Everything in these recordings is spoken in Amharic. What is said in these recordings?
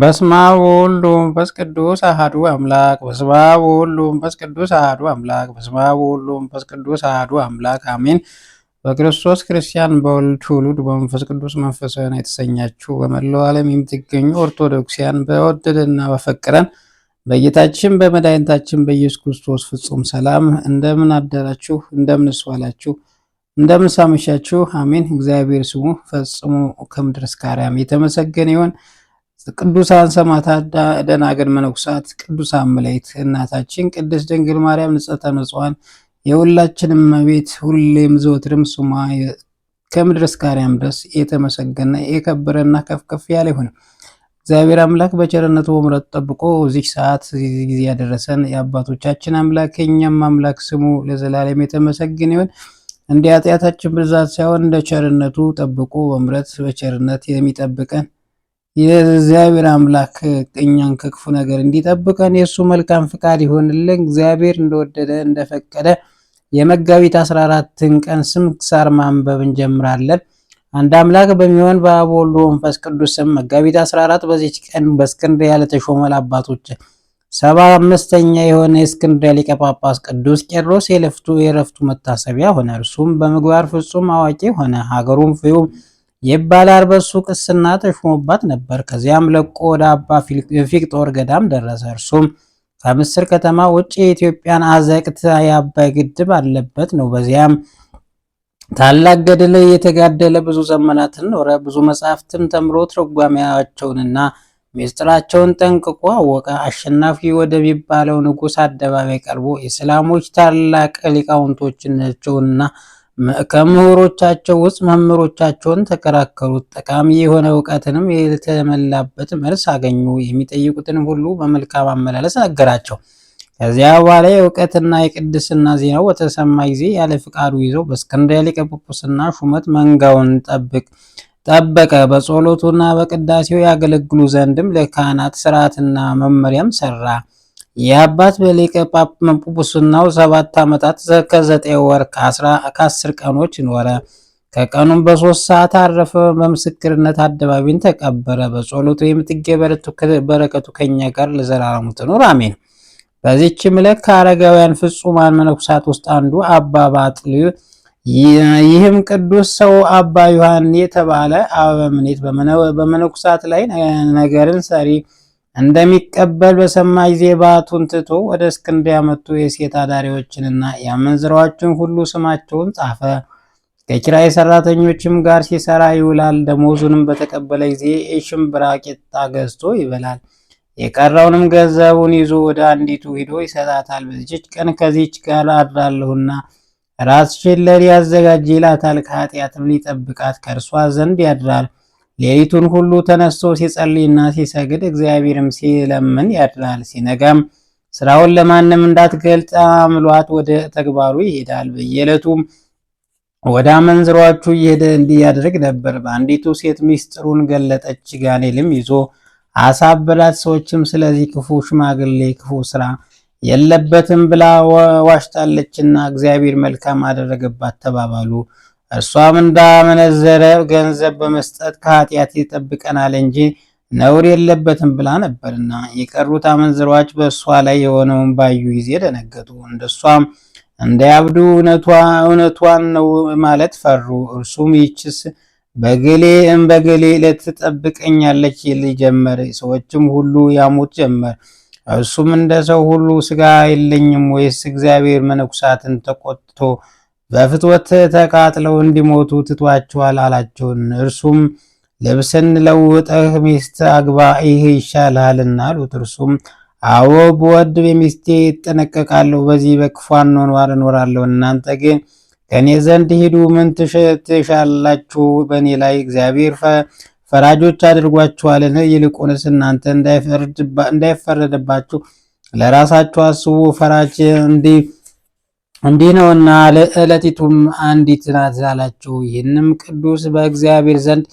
በስመ አብ ወወልድ ወመንፈስ ቅዱስ አሐዱ አምላክ። በስመ አብ ወወልድ ወመንፈስ ቅዱስ አሐዱ አምላክ። በስመ አብ ወወልድ ወመንፈስ ቅዱስ አሐዱ አምላክ አሜን። በክርስቶስ ክርስቲያን በወልድ ውሉድ በመንፈስ ቅዱስ መንፈሳውያን የተሰኛችሁ በመላው ዓለም የምትገኙ ኦርቶዶክሲያን በወደደና በፈቀረን በጌታችን በመድኃኒታችን በኢየሱስ ክርስቶስ ፍጹም ሰላም እንደምን አደራችሁ? እንደምን ስዋላችሁ? እንደምን ሳመሻችሁ? አሜን። እግዚአብሔር ስሙ ፈጽሞ ከምድር እስከ አርያም የተመሰገነ ይሆን። ቅዱሳን ሰማዕታት፣ ደናግል፣ መነኩሳት፣ ቅዱሳን መላእክት፣ እናታችን ቅድስት ድንግል ማርያም ንጽሕተ ንጹሐን የሁላችንም መቤት ሁሌም ዘወትርም ስሟ ከምድር እስከ አርያም ድረስ የተመሰገነ የከበረና ከፍከፍ ያለ ይሁን። እግዚአብሔር አምላክ በቸርነቱ በምሕረቱ ጠብቆ እዚህ ሰዓት ጊዜ ያደረሰን የአባቶቻችን አምላክ የእኛም አምላክ ስሙ ለዘላለም የተመሰገነ ይሁን። እንደ ኃጢአታችን ብዛት ሳይሆን እንደ ቸርነቱ ጠብቆ በምሕረት በቸርነት የሚጠብቀን የእግዚአብሔር አምላክ እኛን ከክፉ ነገር እንዲጠብቀን የእሱ መልካም ፍቃድ ይሆንልን። እግዚአብሔር እንደወደደ እንደፈቀደ የመጋቢት 14ን ቀን ስንክሳር ማንበብ እንጀምራለን። አንድ አምላክ በሚሆን በአብ ወልድ ወመንፈስ ቅዱስ ስም መጋቢት 14 በዚች ቀን በእስክንድርያ ለተሾመ አባቶች ሰባ አምስተኛ የሆነ የእስክንድርያ ሊቀ ጳጳስ ቅዱስ ቄርሎስ የረፍቱ መታሰቢያ ሆነ። እርሱም በምግባር ፍጹም አዋቂ ሆነ። ሀገሩም ፍዩም አርበሱ ቅስና ተሾሞባት ነበር። ከዚያም ለቆ ወደ አባ ፊቅጦር ገዳም ደረሰ። እርሱም ከምስር ከተማ ውጭ የኢትዮጵያን አዘቅት የአባይ ግድብ አለበት ነው። በዚያም ታላቅ ገድል የተጋደለ ብዙ ዘመናትን ኖረ። ብዙ መጽሐፍትም ተምሮ ትርጓሚያቸውንና ሚስጥራቸውን ጠንቅቆ አወቀ። አሸናፊ ወደሚባለው ንጉሥ አደባባይ ቀርቦ የሰላሞች ታላቅ ሊቃውንቶቻቸውንና ከምሁሮቻቸው ውስጥ መምህሮቻቸውን ተከራከሩት። ጠቃሚ የሆነ እውቀትንም የተመላበት መልስ አገኙ። የሚጠይቁትን ሁሉ በመልካም አመላለስ ነገራቸው። ከዚያ በኋላ የእውቀትና የቅድስና ዜናው በተሰማ ጊዜ ያለ ፍቃዱ ይዘው በእስክንድርያ ሊቀ ጵጵስና ሹመት መንጋውን ጠብቅ ጠበቀ። በጸሎቱና በቅዳሴው ያገለግሉ ዘንድም ለካህናት ስርዓትና መመሪያም ሰራ። የአባት አባት በሊቀ ጳጳስናው ሰባት ዓመታት ከዘጠኝ ወር ከአስር ቀኖች ኖረ። ከቀኑም በሶስት ሰዓት አረፈ። በምስክርነት አደባቢን ተቀበረ። በጸሎቱ የምትጌ በረከቱ ከኛ ጋር ለዘላለሙ ትኑር አሜን። በዚችም ምለክ ከአረጋውያን ፍጹማን መነኩሳት ውስጥ አንዱ አባ ባጥልዩ ይህም ቅዱስ ሰው አባ ዮሐን የተባለ አበምኔት በመነኩሳት ላይ ነገርን ሰሪ እንደሚቀበል በሰማ ጊዜ ባቱን ትቶ ወደ እስክንድርያ መጡ። የሴት አዳሪዎችንና ያመንዝራዎችን ሁሉ ስማቸውን ጻፈ። ከኪራይ ሰራተኞችም ጋር ሲሰራ ይውላል። ደሞዙንም በተቀበለ ጊዜ የሽምብራ ቂጣ ገዝቶ ይበላል። የቀረውንም ገንዘቡን ይዞ ወደ አንዲቱ ሂዶ ይሰጣታል። በዚች ቀን ከዚች ጋር አድራለሁና ራስሽን ለእኔ አዘጋጅ ይላታል። ከኃጢአትም ሊጠብቃት ከእርሷ ዘንድ ያድራል። ሌሊቱን ሁሉ ተነስቶ ሲጸልይና ሲሰግድ እግዚአብሔርም ሲለምን ያድራል። ሲነጋም ስራውን ለማንም እንዳትገልጥ አምሏት ወደ ተግባሩ ይሄዳል። በየዕለቱም ወደ አመንዝሯቹ እየሄደ እንዲያደርግ ነበር። በአንዲቱ ሴት ሚስጥሩን ገለጠች። ጋኔልም ይዞ አሳበላት። ሰዎችም ስለዚህ ክፉ ሽማግሌ ክፉ ስራ የለበትም ብላ ዋሽታለችና እግዚአብሔር መልካም አደረገባት ተባባሉ። እርሷም እንዳመነዘረ ገንዘብ በመስጠት ከኃጢአት ይጠብቀናል እንጂ ነውር የለበትም ብላ ነበርና የቀሩት አመንዝሯች በእሷ ላይ የሆነውን ባዩ ጊዜ ደነገጡ። እንደሷም እንደ ያብዱ እውነቷን ነው ማለት ፈሩ። እርሱም ይችስ በገሌ እምበገሌ ልትጠብቀኛለች ይል ጀመር። ሰዎችም ሁሉ ያሙት ጀመር። እርሱም እንደ ሰው ሁሉ ስጋ የለኝም ወይስ እግዚአብሔር መነኩሳትን ተቆጥቶ በፍትወት ተቃጥለው እንዲሞቱ ትቷቸዋል አላቸውን። እርሱም ልብስን ለውጠህ ሚስት አግባ ይህ ይሻልሃልና አሉት። እርሱም አዎ ብወድ በሚስቴ ይጠነቀቃለሁ፣ በዚህ በክፉ አኗኗር እኖራለሁ። እናንተ ግን ከእኔ ዘንድ ሂዱ፣ ምን ትሻላችሁ? በእኔ ላይ እግዚአብሔር ፈራጆች አድርጓችኋልን? ይልቁንስ እናንተ እንዳይፈረድባችሁ ለራሳችሁ አስቡ። ፈራጅ እንዲህ እንዲህ ነውና ለዕለቲቱም አንዲት ናት አላቸው። ይህንም ቅዱስ በእግዚአብሔር ዘንድ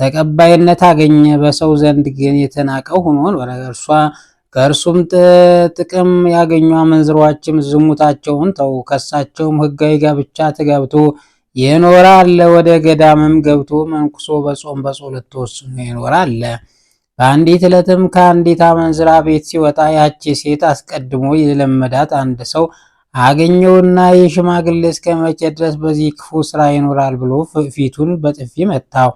ተቀባይነት አገኘ፣ በሰው ዘንድ ግን የተናቀው ሆኖ ኖረ። እርሷ ከእርሱም ጥቅም ያገኙ አመንዝሮችም ዝሙታቸውን ተው። ከሳቸውም ሕጋዊ ጋብቻ ተጋብቶ የኖረ አለ። ወደ ገዳምም ገብቶ መንኩሶ በጾም በጸሎት ተወስኖ የኖረ አለ። በአንዲት ዕለትም ከአንዲት አመንዝራ ቤት ሲወጣ ያቺ ሴት አስቀድሞ የለመዳት አንድ ሰው አገኘውና ይህ ሽማግሌ እስከ መቼ ድረስ በዚህ ክፉ ስራ ይኖራል ብሎ ፊቱን በጥፊ መታው።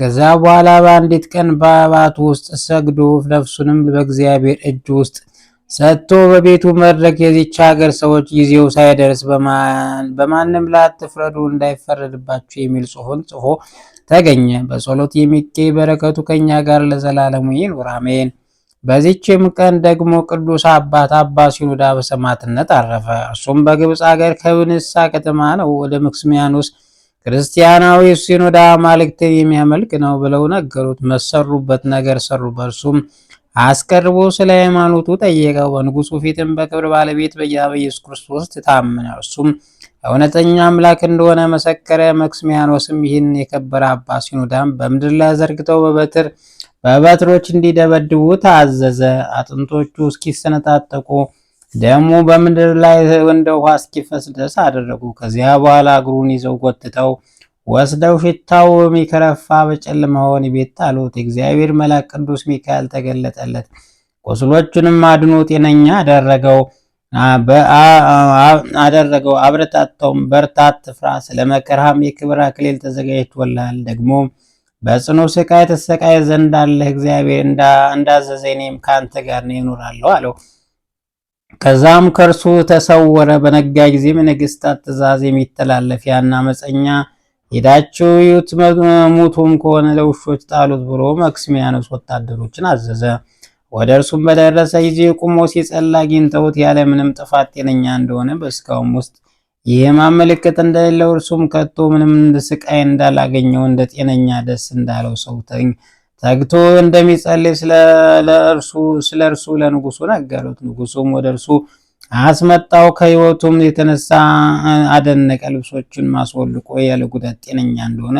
ከዛ በኋላ በአንዲት ቀን በአባቱ ውስጥ ሰግዶ ነፍሱንም በእግዚአብሔር እጅ ውስጥ ሰጥቶ በቤቱ መድረክ የዚች ሀገር ሰዎች ጊዜው ሳይደርስ በማንም ላትፍረዱ እንዳይፈረድባቸው እንዳይፈረድባችሁ የሚል ጽሑፍን ጽፎ ተገኘ። በጸሎት የሚገኝ በረከቱ ከኛ ጋር ለዘላለሙ ይኑር አሜን። በዚችም ቀን ደግሞ ቅዱስ አባት አባ ሲኖዳ በሰማዕትነት አረፈ። እሱም በግብፅ ሀገር ከብንሳ ከተማ ነው። ወደ መክስሚያኖስ ክርስቲያናዊ ሲኖዳ አማልክትን የሚያመልክ ነው ብለው ነገሩት። መሰሩበት ነገር ሰሩበት። እርሱም አስቀርቦ ስለ ሃይማኖቱ ጠየቀው። በንጉሱ ፊትም በክብር ባለቤት ኢየሱስ ክርስቶስ ታመነ። እርሱም እውነተኛ አምላክ እንደሆነ መሰከረ። መክስሚያኖስም ይህን የከበረ አባ ሲኖዳም በምድር ላይ ዘርግተው በበትር በበትሮች እንዲደበድቡ ታዘዘ። አጥንቶቹ እስኪሰነጣጠቁ ደሙ በምድር ላይ እንደ ውሃ እስኪፈስ ድረስ አደረጉ። ከዚያ በኋላ እግሩን ይዘው ጎትተው ወስደው ሽታው የሚከረፋ በጨለማ ወህኒ ቤት ጣሉት። እግዚአብሔር መልአክ ቅዱስ ሚካኤል ተገለጠለት፣ ቁስሎቹንም አድኖ ጤነኛ አደረገው አደረገው አብረታተውም። በርታት፣ ፍራ ስለ መከራህም የክብር አክሊል ተዘጋጅቶልሃል ደግሞ በጽኑ ስቃይ ተሰቃይ ዘንድ አለህ እግዚአብሔር እንዳዘዘ እኔም ከአንተ ጋር ነው ይኖራለሁ አለው። ከዛም ከእርሱ ተሰወረ። በነጋ ጊዜም ንግስታት ትእዛዝ የሚተላለፍ ያን አመፀኛ ሄዳችሁ ዩት መሞቱም ከሆነ ለውሾች ጣሉት ብሎ መክስሚያኖስ ወታደሮችን አዘዘ። ወደ እርሱም በደረሰ ጊዜ ቁሞ ሲጸላ አግኝተውት ያለ ምንም ጥፋት ጤነኛ እንደሆነ በስጋውም ውስጥ ይህ ማመለከት እንደሌለው እርሱም ከቶ ምንም ስቃይ እንዳላገኘው እንደ ጤነኛ ደስ እንዳለው ሰው ተግቶ እንደሚጸልይ ስለእርሱ ስለ እርሱ ለንጉሱ ነገሩት። ንጉሱም ወደ እርሱ አስመጣው። ከህይወቱም የተነሳ አደነቀ። ልብሶቹን ማስወልቆ ያለ ጉዳት ጤነኛ እንደሆነ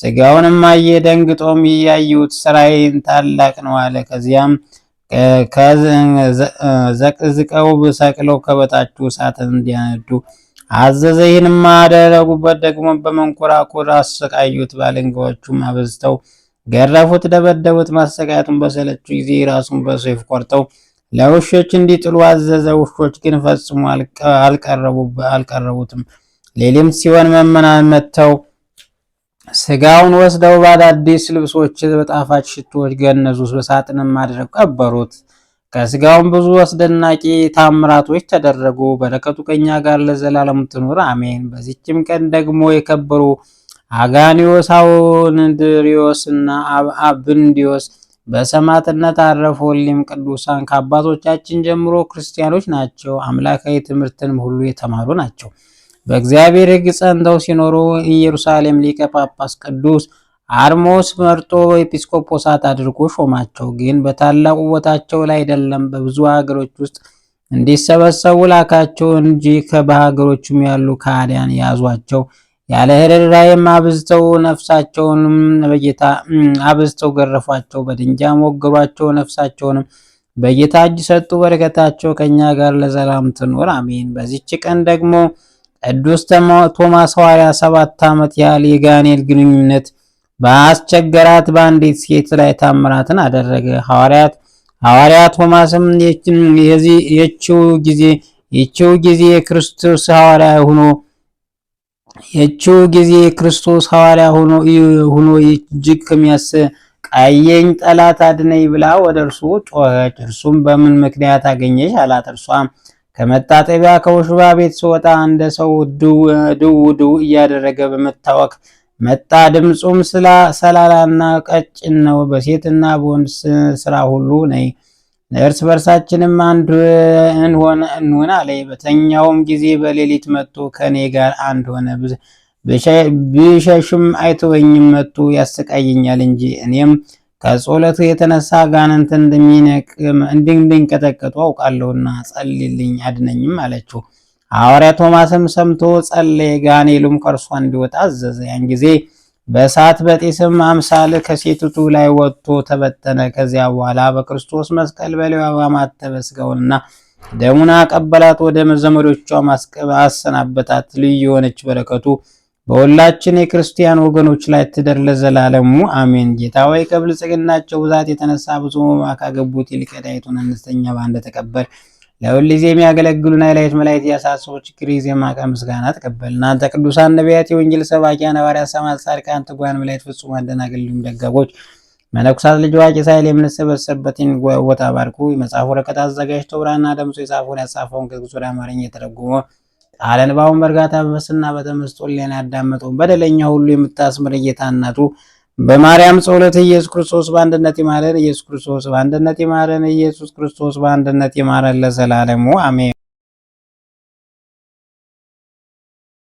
ስጋውንም አየ። ደንግጦም ያየሁት ስራይን ታላቅ ነው አለ። ከዚያም ዘቅዝቀው ሰቅለው ከበታቹ እሳትን እንዲያነዱ አዘዘ። ይህንም አደረጉበት። ደግሞ በመንኮራኩር አሰቃዩት። ባልንጋዎቹም አበዝተው ገረፉት፣ ደበደቡት። ማሰቃየቱን በሰለቹ ጊዜ ራሱን በሰይፍ ቆርጠው ለውሾች እንዲጥሉ አዘዘ። ውሾች ግን ፈጽሞ አልቀረቡትም። ሌሊም ሲሆን መመናን መጥተው ስጋውን ወስደው በአዳዲስ ልብሶች በጣፋጭ ሽቶዎች ገነዙ። በሳጥንም አድርገው ቀበሩት። ከስጋውም ብዙ አስደናቂ ታምራቶች ተደረጉ። በረከቱ ከኛ ጋር ለዘላለሙ ትኑር አሜን። በዚችም ቀን ደግሞ የከበሩ አጋኒዮስ፣ እና አብንዲዮስ በሰማዕትነት አረፉ። ሁሉም ቅዱሳን ከአባቶቻችን ጀምሮ ክርስቲያኖች ናቸው። አምላካዊ ትምህርትን ሁሉ የተማሩ ናቸው። በእግዚአብሔር ሕግ ጸንተው ሲኖሩ ኢየሩሳሌም ሊቀ ጳጳስ ቅዱስ አርሞስ መርጦ ኤጲስቆጶሳት አድርጎ ሾማቸው። ግን በታላቁ ቦታቸው ላይ አይደለም፣ በብዙ ሀገሮች ውስጥ እንዲሰበሰቡ ላካቸው እንጂ በሀገሮችም ያሉ ካህዲያን ያዟቸው። ያለ ርኅራኄም አብዝተው ነፍሳቸውንም በጌታ አብዝተው ገረፏቸው፣ በድንጋይ ወገሯቸው። ነፍሳቸውንም በጌታ እጅ ሰጡ። በረከታቸው ከእኛ ጋር ለዘላም ትኑር አሜን። በዚች ቀን ደግሞ ቅዱስ ቶማስ ሐዋርያ ሰባት ዓመት ያህል የጋኔል ግንኙነት በአስቸገራት በአንዲት ሴት ላይ ታምራትን አደረገ። ሐዋርያት ሐዋርያ ቶማስም የችው ጊዜ የችው ጊዜ የክርስቶስ ሐዋርያ ሆኖ የችው ጊዜ የክርስቶስ ሐዋርያ ሆኖ ሆኖ እጅግ ከሚያሰቃየኝ ጠላት አድነኝ ብላ ወደ እርሱ ጮኸች። እርሱም በምን ምክንያት አገኘሽ አላት። እርሷም ከመታጠቢያ ከውሽባ ቤት ስወጣ እንደ ሰው ድው ድው እያደረገ በመታወክ መጣ ድምፁም ስላ ሰላላና ቀጭን ነው። በሴትና በወንድ ስራ ሁሉ ነይ እርስ በርሳችንም አንድ እንሆን አለ። በተኛውም ጊዜ በሌሊት መጡ ከእኔ ጋር አንድ ሆነ። ብሸሽም አይተወኝም፣ መጡ ያሰቃየኛል እንጂ እኔም ከጸሎቱ የተነሳ ጋንንት እንደሚንቀጠቀጡ አውቃለሁና ጸልልኝ፣ አድነኝም አለችው። ሐዋርያ ቶማስም ሰምቶ ጸለየ፣ ጋኔሉም ከእርሷ እንዲወጣ አዘዘ። ያን ጊዜ በእሳት በጢስም አምሳል ከሴቲቱ ላይ ወጥቶ ተበተነ። ከዚያ በኋላ በክርስቶስ መስቀል በሌዋ ማተበ ሥጋውንና ደሙን አቀበላት፣ ወደ መዘመዶቿ ዘመዶቿ አሰናበታት። ልዩ የሆነች በረከቱ በሁላችን የክርስቲያን ወገኖች ላይ ትደር ለዘላለሙ አሜን። ጌታ ወይ ከብልጽግናቸው ብዛት የተነሳ ብዙ ማካገቡት ይልቀዳይቱን አነስተኛ ባንደ ተቀበል ለሁል ጊዜ የሚያገለግሉን የላይት መላይት ያሳሰቡ ችግር ጊዜ ምስጋና ተቀበል። እናንተ ቅዱሳን ነቢያት፣ የወንጌል ሰባኪያን ሐዋርያት፣ ሰማዕታት፣ ጻድቃን፣ ትጉሃን መላእክት፣ ፍጹማን ደናግል፣ ደጋጎች መነኩሳት ልጅ ዋቂ ሳይል የምንሰበሰብበትን ቦታ ባርኩ። የመጽሐፍ ወረቀት አዘጋጅተው ብራና ደምሶ የጻፈውን ያጻፈውን ከግዕዝ ወደ አማርኛ የተረጎመ ቃለ ንባቡን በእርጋታ በመስና በተመስጦ ሊያን ያዳመጠውን በደለኛ ሁሉ የምታስምር ጌታ በማርያም ጸሎት ኢየሱስ ክርስቶስ በአንድነት ይማረን። ኢየሱስ ክርስቶስ በአንድነት ይማረን። ኢየሱስ ክርስቶስ በአንድነት ይማረን ለዘላለሙ አሜን።